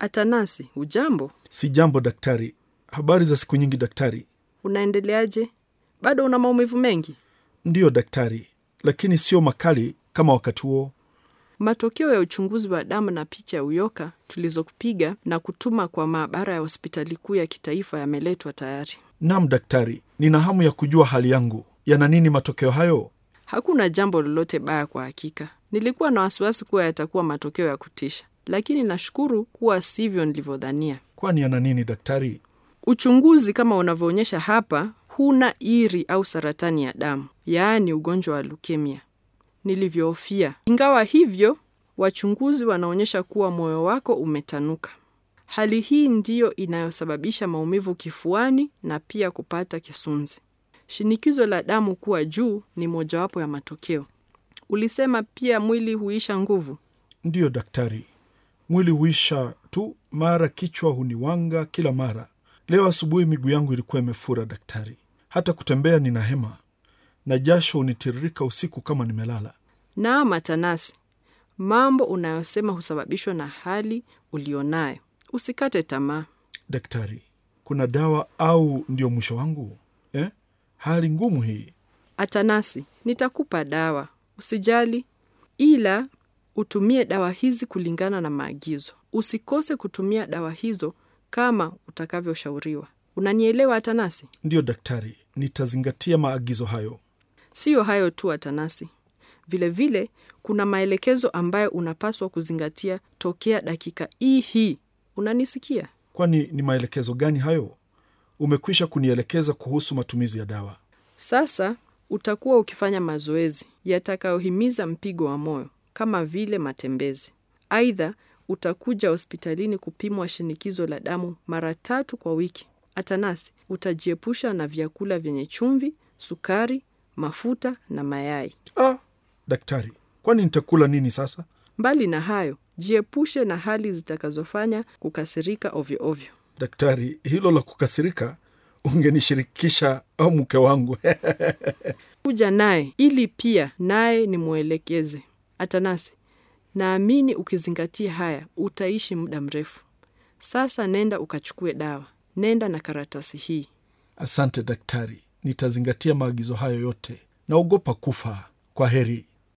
Atanasi, ujambo Si jambo daktari. Habari za siku nyingi daktari. Unaendeleaje? Bado una maumivu mengi? Ndiyo daktari, lakini sio makali kama wakati huo. Matokeo ya uchunguzi wa damu na picha ya uyoka tulizokupiga na kutuma kwa maabara ya hospitali kuu ya kitaifa yameletwa tayari. Naam daktari, nina hamu ya kujua hali yangu. Yana nini matokeo hayo? Hakuna jambo lolote baya kwa hakika. Nilikuwa na wasiwasi kuwa yatakuwa matokeo ya kutisha, lakini nashukuru kuwa sivyo nilivyodhania. Kwani ana nini daktari? Uchunguzi kama unavyoonyesha hapa, huna iri au saratani ya damu, yaani ugonjwa wa lukemia nilivyohofia. Ingawa hivyo, wachunguzi wanaonyesha kuwa moyo wako umetanuka. Hali hii ndiyo inayosababisha maumivu kifuani na pia kupata kisunzi. Shinikizo la damu kuwa juu ni mojawapo ya matokeo. Ulisema pia mwili huisha nguvu. Ndiyo daktari, Mwili huisha tu, mara kichwa huniwanga kila mara. Leo asubuhi miguu yangu ilikuwa imefura daktari, hata kutembea nina hema na jasho unitiririka usiku kama nimelala. Naam, Atanasi, mambo unayosema husababishwa na hali ulionayo. Usikate tamaa. Daktari, kuna dawa au ndio mwisho wangu eh? Hali ngumu hii. Atanasi, nitakupa dawa, usijali, ila utumie dawa hizi kulingana na maagizo. Usikose kutumia dawa hizo kama utakavyoshauriwa. Unanielewa Atanasi? Ndiyo daktari, nitazingatia maagizo hayo. Siyo hayo tu, Atanasi. Vilevile vile, kuna maelekezo ambayo unapaswa kuzingatia tokea dakika hii hii. Unanisikia? Kwani ni maelekezo gani hayo? Umekwisha kunielekeza kuhusu matumizi ya dawa. Sasa utakuwa ukifanya mazoezi yatakayohimiza mpigo wa moyo kama vile matembezi. Aidha, utakuja hospitalini kupimwa shinikizo la damu mara tatu kwa wiki. Atanasi, utajiepusha na vyakula vyenye chumvi, sukari, mafuta na mayai. Ah, daktari, kwani nitakula nini sasa? Mbali na hayo, jiepushe na hali zitakazofanya kukasirika ovyo ovyo. Daktari, hilo la kukasirika ungenishirikisha au mke wangu kuja naye ili pia naye nimwelekeze. Atanasi, naamini ukizingatia haya utaishi muda mrefu. Sasa nenda ukachukue dawa, nenda na karatasi hii. Asante daktari, nitazingatia maagizo hayo yote. Naogopa kufa. Kwa heri.